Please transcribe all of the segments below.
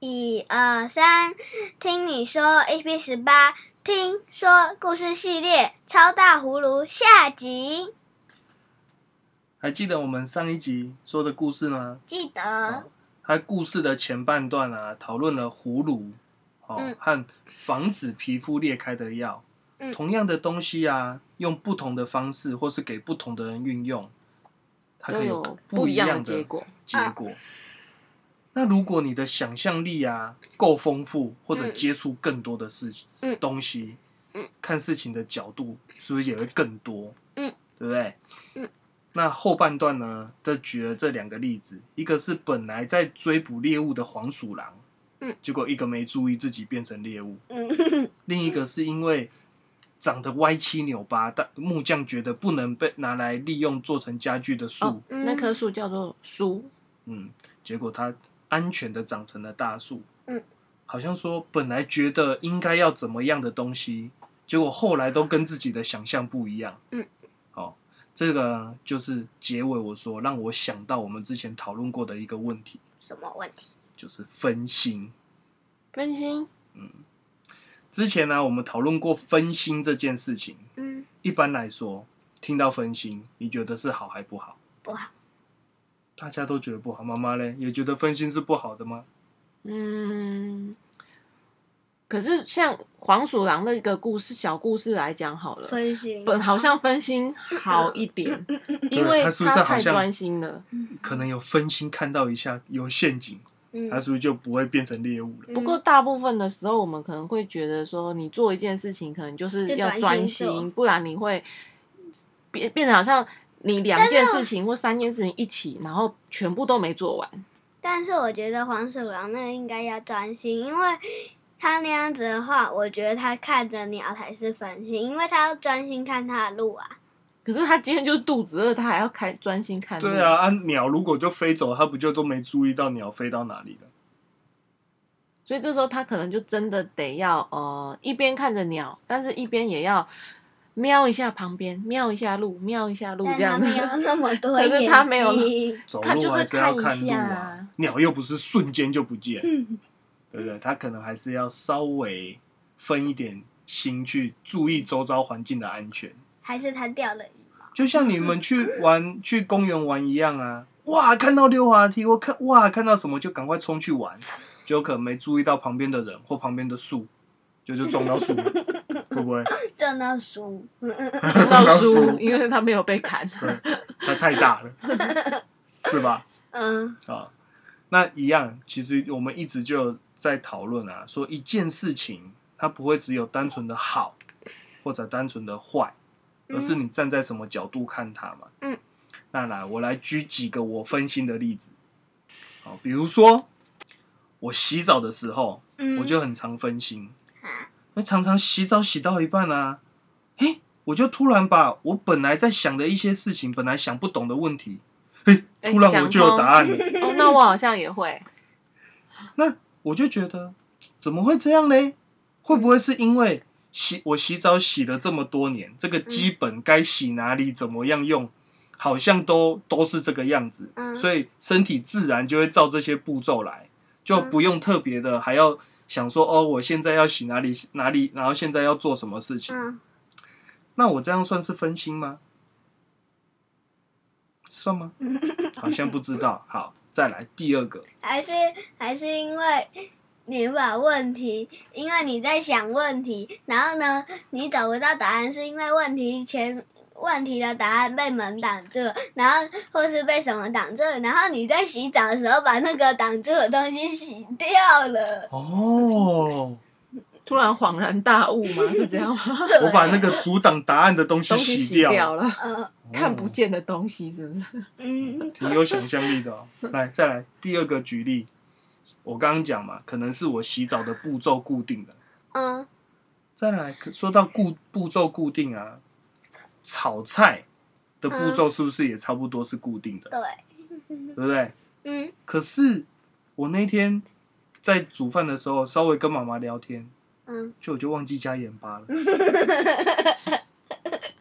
一二三，聽你說。EP 十八，聽說故事系列超大葫蘆下集。還記得我們上一集說的故事嗎？記得。它、哦、故事的前半段啊，討論了葫蘆哦、嗯、和防止皮膚裂開的藥、嗯。同樣的東西啊，用不同的方式，或是給不同的人運用，它可以有不一樣的結果。嗯啊那如果你的想象力啊夠豐富或者接觸更多的事情、東西、嗯嗯嗯，看事情的角度是不是也會更多？嗯，對不對？嗯嗯、那後半段呢，都舉了這兩個例子，一個是本來在追捕獵物的黃鼠狼，嗯，結果一個沒注意自己變成獵物，嗯嗯嗯、另一個是因為長得歪七扭八，但木匠覺得不能被拿來利用做成家具的樹，那棵樹叫做樗，嗯，結果他。安全的長成了大樹。嗯，好，好像說本來覺得應該要怎麼樣的東西，結果後來都跟自己的想象不一樣。嗯，好，這個就是結尾我說讓我想到我們之前討論過的一個問題。什麼問題？就是分心。分心。嗯。之前呢、啊，我們討論過分心這件事情。嗯。一般來說，聽到分心，你覺得是好還不好？不好。大家都覺得不好，媽媽嘞，也覺得分心是不好的嗎？嗯，可是像黃鼠狼的一個故事，小故事來講好了，分心本，好像分心好一點， 因為他太專心了，可能有分心看到一下有陷阱，嗯、他是不是就不會變成獵物了？不過大部分的時候，我們可能會覺得說，你做一件事情可能就是要專心，專心，不然你會變，變得好像，你兩件事情或三件事情一起，然後全部都沒做完。但是我覺得黃鼠狼那個應該要專心，因為他那樣子的話，我覺得他看着鳥才是分心，因為他要專心看他的路啊。可是他今天就是肚子餓，他還要開專心看路。對啊，啊，鳥如果就飛走了，他不就都沒注意到鳥飛到哪裡了？所以這時候他可能就真的得要呃一邊看着鳥，但是一邊也要。瞄一下旁邊，瞄一下路，瞄一下路，這樣子。但那麼多 可是他沒有、就是，走路還是要看路、啊， 鳥又不是瞬間就不見、嗯，對不對？他可能還是要稍微分一點心去注意周遭環境的安全。還是他掉了羽毛？就像你們去玩 去公園玩一樣啊！哇，看到溜滑梯，我看哇，看到什麼就趕快衝去玩，就可能沒注意到旁邊的人或旁邊的樹。就是撞到樹，會不會撞到樹輸？ 撞到樹，因為他沒有被砍。對，他太大了， 是吧？嗯。好、啊。那一樣，其實我們一直就在討論啊，說一件事情，它不會只有單純的好，或者單純的壞，而是你站在什麼角度看它嘛。嗯。那來，我來舉幾個我分心的例子。好，比如說我洗澡的時候、嗯，我就很常分心。常常洗澡洗到一半啊、欸，我就突然把我本來在想的一些事情，本來想不懂的問題，欸、突然我就有答案了、欸哦。那我好像也會。那我就覺得，怎麼會這樣呢？會不會是因為洗我洗澡洗了這麼多年，這個基本該洗哪裡怎麼樣用，嗯、好像都都是這個樣子、嗯，所以身體自然就會照這些步驟來，就不用特別的、嗯、還要。想說哦，我現在要洗哪裡洗哪裡，然後現在要做什麼事情？嗯、那我這樣算是分心嗎？算嗎？ 好像不知道。好，再來第二個。還是還是因為你把問題，因為你在想問題，然後呢，你找不到答案，是因為問題前。問題的答案被門擋住了，然後或是被什麼擋住了，然後你在洗澡的時候把那個擋住的東西洗掉了。哦，突然恍然大悟嗎？是這樣嗎？ 我把那個阻擋答案的東西洗掉了，嗯，哦，看不見的東西是不是？嗯，挺有想象力的哦。來，再來第二個舉例，我剛剛講嘛，可能是我洗澡的步驟固定的。嗯，再來說到固步驟固定啊。炒菜的步驟是不是也差不多是固定的，啊？對，對不對？嗯。可是我那天在煮飯的時候，稍微跟媽媽聊天，嗯，就我就忘記加鹽巴了。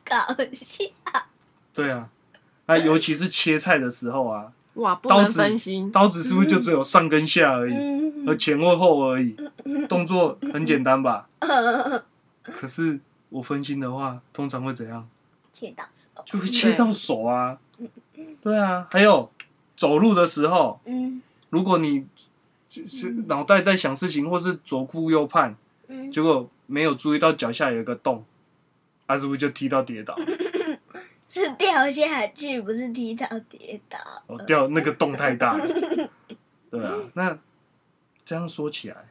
搞笑。對啊，那尤其是切菜的時候啊，哇，不能分心。刀子，刀子是不是就只有上跟下而已，嗯，而前或後而已？動作很簡單吧，嗯？可是我分心的話，通常會怎樣？切到手，就會切到手啊！對啊，還有走路的時候，如果你就是腦袋在想事情，或是左顧右盼，結果沒有注意到腳下有一個洞啊，那是不是就踢到跌倒？是掉下去，不是踢到跌倒。哦，掉那個洞太大了，對啊。那這樣說起來，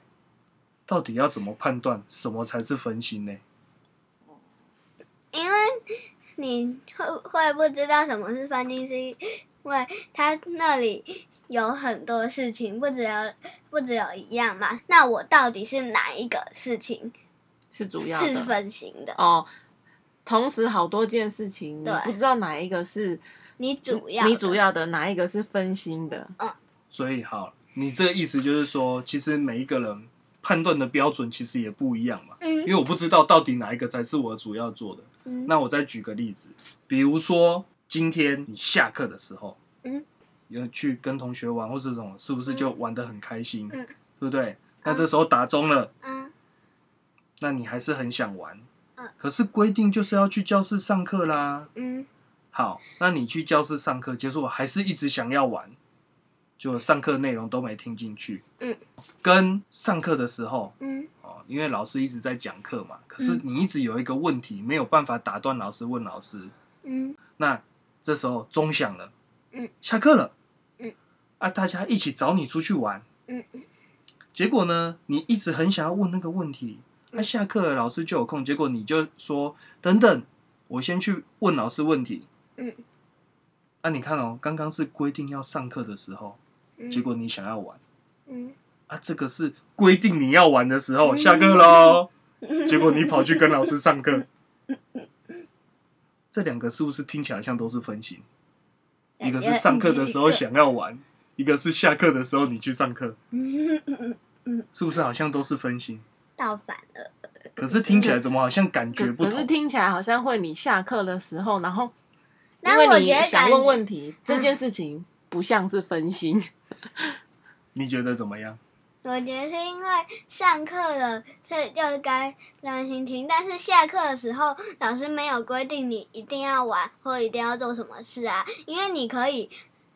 到底要怎麼判斷什麼才是分心呢？因為。你會會不知道什麼是分心，心，因為他那裡有很多事情，不只有不只有一樣嘛。那我到底是哪一個事情是主要？是分心的，的哦。同時好多件事情，你不知道哪一個是你主要，你主要的，主要的哪一個是分心的。嗯。所以，好，你這個意思就是說，其實每一個人判斷的標準其實也不一樣嘛。嗯。因為我不知道到底哪一個才是我主要做的。嗯、那我再舉個例子，比如說今天你下課的時候，嗯，有去跟同學玩或是什麼，是不是就玩得很開心，嗯？對不對？那這時候打鐘了，嗯，那你還是很想玩，嗯，可是規定就是要去教室上課啦，嗯，好，那你去教室上課結束，我還是一直想要玩，就上課內容都沒聽進去，嗯，跟上課的時候，嗯因為老師一直在講課嘛，可是你一直有一個問題、嗯、沒有辦法打斷老師問老師。嗯、那這時候鐘響了、嗯，下課了、嗯，啊，大家一起找你出去玩、嗯，結果呢，你一直很想要問那個問題，那、啊、下課了，老師就有空，結果你就說等等，我先去問老師問題。那、嗯啊、你看哦，剛剛是規定要上課的時候，結果你想要玩，嗯嗯啊、這個是規定你要玩的時候下課嘍， 結果你跑去跟老師上課， 這兩個是不是聽起來好像都是分心？一個是上課的時候想要玩一，一個是下課的時候你去上課， 是不是好像都是分心？倒反了。可是聽起來怎麼好像感覺不同？可是聽起來好像會你下課的時候，然後因為你想問問題，這件事情不像是分心。 你覺得怎麼樣？我覺得是因為上課了，所以就該專心聽。但是下課的時候，老師沒有規定你一定要玩或一定要做什麼事啊。因為你可以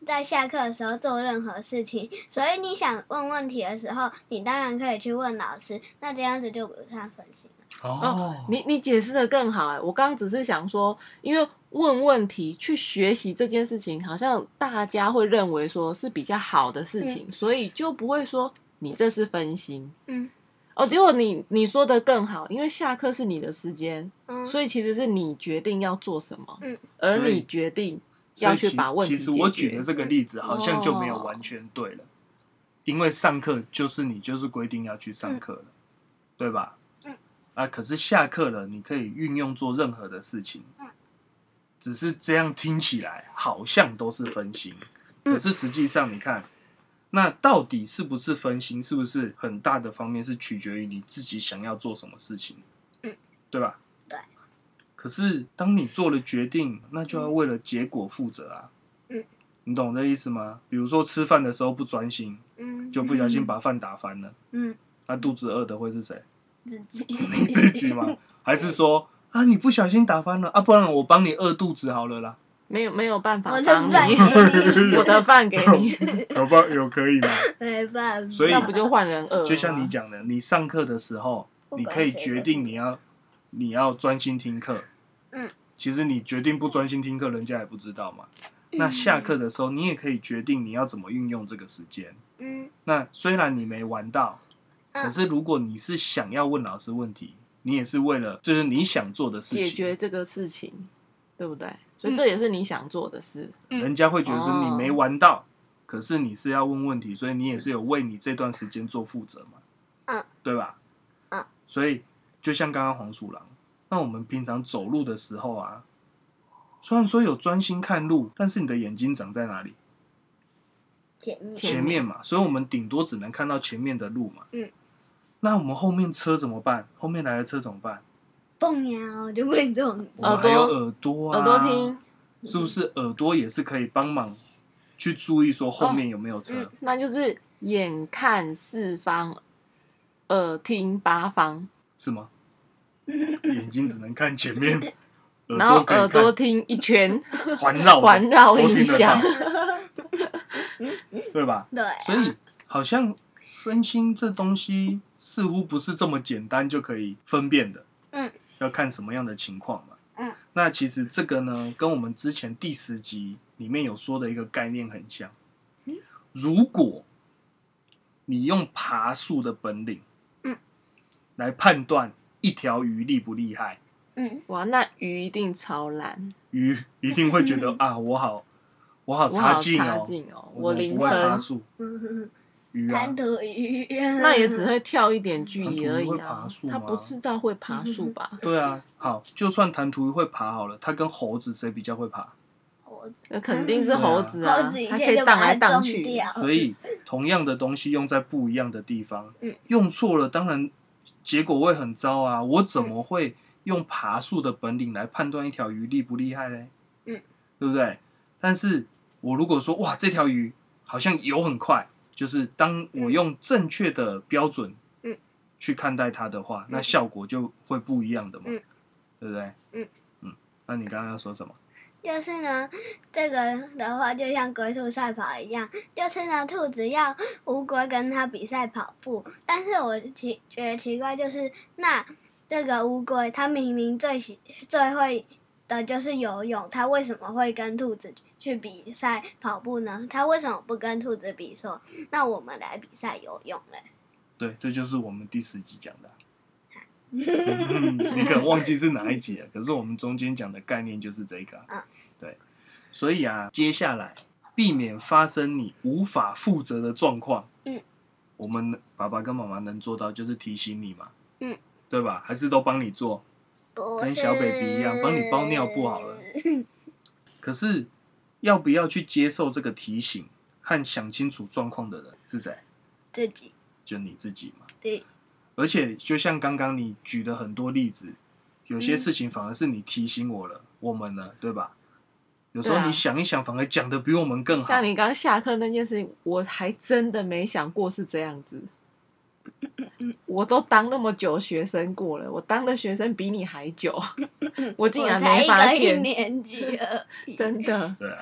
在下課的時候做任何事情。所以你想問問題的時候，你當然可以去問老師。那這樣子就不算分心了。哦，哦你你解釋得更好哎！我剛只是想說，因為問問題、去學習這件事情，好像大家會認為說是比較好的事情，嗯、所以就不會說。你這是分心，嗯，哦，結果你你說的更好，因為下課是你的時間，嗯，所以其實是你決定要做什麼，嗯，而你決定要去把問題解決。其，其實我舉的這個例子好像就沒有完全對了，對哦，因為上課就是你就是規定要去上課了，嗯，對吧？嗯，啊，可是下課了，你可以運用做任何的事情，嗯，只是這樣聽起來好像都是分心，嗯，可是實際上你看。那到底是不是分心？是不是很大的方面是取決於你自己想要做什麼事情？嗯，對吧？對。可是當你做了決定，那就要為了結果負責啊。嗯，你懂這意思嗎？比如說吃飯的時候不專心，嗯，就不小心把飯打翻了，嗯，那肚子餓的會是誰？自己？ 你自己嗎？還是說啊你不小心打翻了啊？不然我幫你餓肚子好了啦。沒有沒有辦法，我的飯，我的飯給你， 有辦 有，有可以嗎？沒辦法，所以那不就換人呃？就像你講的，你上課的時候，你可以決定你要，你要專心聽課。嗯，其實你決定不專心聽課，人家也不知道嘛。嗯、那下課的時候，你也可以決定你要怎麼運用這個時間。嗯，那雖然你沒玩到、嗯，可是如果你是想要問老師問題，你也是為了就是你想做的事情，解決這個事情，對不對？所以這也是你想做的事。嗯。人家會覺得說你沒玩到，嗯，可是你是要問問題，所以你也是有為你這段時間做負責嘛？嗯，對吧？嗯，所以就像剛剛黃鼠狼，那我們平常走路的時候啊，雖然說有專心看路，但是你的眼睛長在哪裡？前面，前面嘛，所以我們頂多只能看到前面的路嘛。嗯，那我們後面車怎麼辦？後面來的車怎麼辦？蹦呀，就會這種耳朵、啊，耳朵，耳朵聽，是不是耳朵也是可以幫忙去注意說後面有沒有車，哦嗯？那就是眼看四方，耳聽八方，是嗎？眼睛只能看前面， 然後耳朵聽一圈，環繞環繞一下，音響 對吧？對，啊，所以好像分心這東西似乎不是這麼簡單就可以分辨的。要看什麼樣的情況嘛。嗯，那其實這個呢，跟我們之前第十集裡面有說的一個概念很像。如果你用爬樹的本領，嗯，來判斷一條魚厲不厲害，嗯，哇，那魚一定超懶，魚一定會覺得啊，我好，我好差勁哦，我好差勁哦，我不會爬樹，我零分。彈塗魚，啊魚啊，那也只會跳一點距離而已。啊，會爬樹嗎？他不知道會爬樹吧。嗯？對啊，好，就算彈塗魚會爬好了，他跟猴子誰比較會爬？猴、嗯、子肯定是猴子啊，啊猴子一它可以盪來盪去。所以同樣的東西用在不一樣的地方，嗯，用錯了當然結果會很糟啊。我怎麼會用爬樹的本領來判斷一條魚厲不厲害嘞？嗯，對不對？但是我如果說哇，這條魚好像游很快。就是當我用正確的標準，嗯，去看待它的話，嗯，那效果就會不一樣的嘛，嗯，對不對？嗯嗯，那你剛剛要說什麼？就是呢，這個的話就像龜兔賽跑一樣，就是呢，兔子要烏龜跟它比賽跑步，但是我奇覺得奇怪，就是那這個烏龜，它明明最喜最會的就是游泳，它為什麼會跟兔子？去比賽跑步呢？他為什麼不跟兔子比說，說那我們來比賽游泳嘞？對，這就是我們第十集講的。 你可能忘記是哪一集了， 可是我們中間講的概念就是這個。嗯、啊。對。所以啊，接下來避免發生你無法負責的狀況。嗯。我們爸爸跟媽媽能做到，就是提醒你嘛。嗯。對吧？還是都幫你做。不是。跟小 baby 一樣，幫你包尿布好了。 可是。要不要去接受這個提醒和想清楚狀況的人是誰？自己，就你自己嘛。對。而且就像剛剛你舉的很多例子，有些事情反而是你提醒我了，嗯、我們了，對吧？有時候你想一想，啊、反而講得比我們更好。像你剛剛下課那件事情，我還真的沒想過是這樣子。 我都當那麼久學生過了，我當的學生比你還久，我竟然沒發現。 一一年級了， 真的。對啊，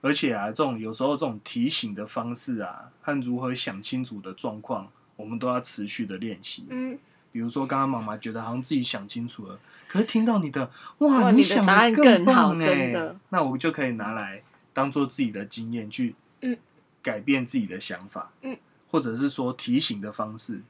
而且啊，這種有時候這種提醒的方式啊，和如何想清楚的狀況，我們都要持續的練習。嗯，比如說剛剛媽媽覺得好像自己想清楚了，可是聽到你的哇，你的答案想的更，更好呢。那我們就可以拿來當做自己的經驗去，改變自己的想法，嗯，或者是說提醒的方式。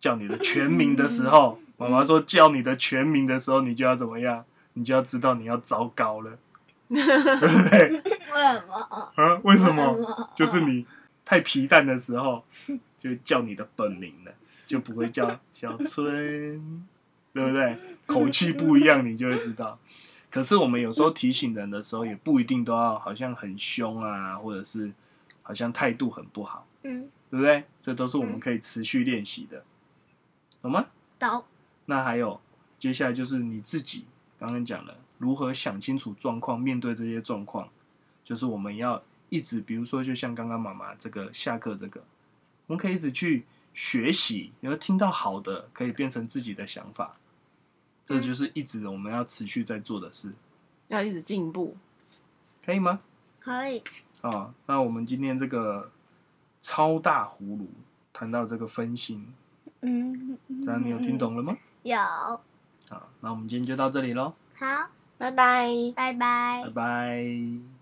叫你的全名的時候，媽媽說叫你的全名的時候，你就要怎麼樣？你就要知道你要糟糕了， 對不對？為什麼啊？為什麼？ 就是你太皮蛋的時候，就叫你的本名了，就不會叫小春， 對不對？ 口氣不一樣，你就會知道。可是我們有時候提醒人的時候，也不一定都要好像很凶啊，或者是好像態度很不好，嗯， 對不對？這都是我們可以持續練習的。懂嗎？導。那還有，接下來就是你自己剛剛講的，如何想清楚狀況，面對這些狀況，就是我們要一直，比如說，就像剛剛媽媽這個下課這個，我們可以一直去學習，然後聽到好的，可以變成自己的想法、嗯。這就是一直我們要持續在做的事。要一直進步，可以嗎？可以。啊、哦，那我們今天這個超大葫蘆談到這個分心。嗯，這樣、嗯、你有聽懂了嗎、嗯？有。好，那我們今天就到這裡嘍。好，拜拜，拜拜，拜拜。拜拜。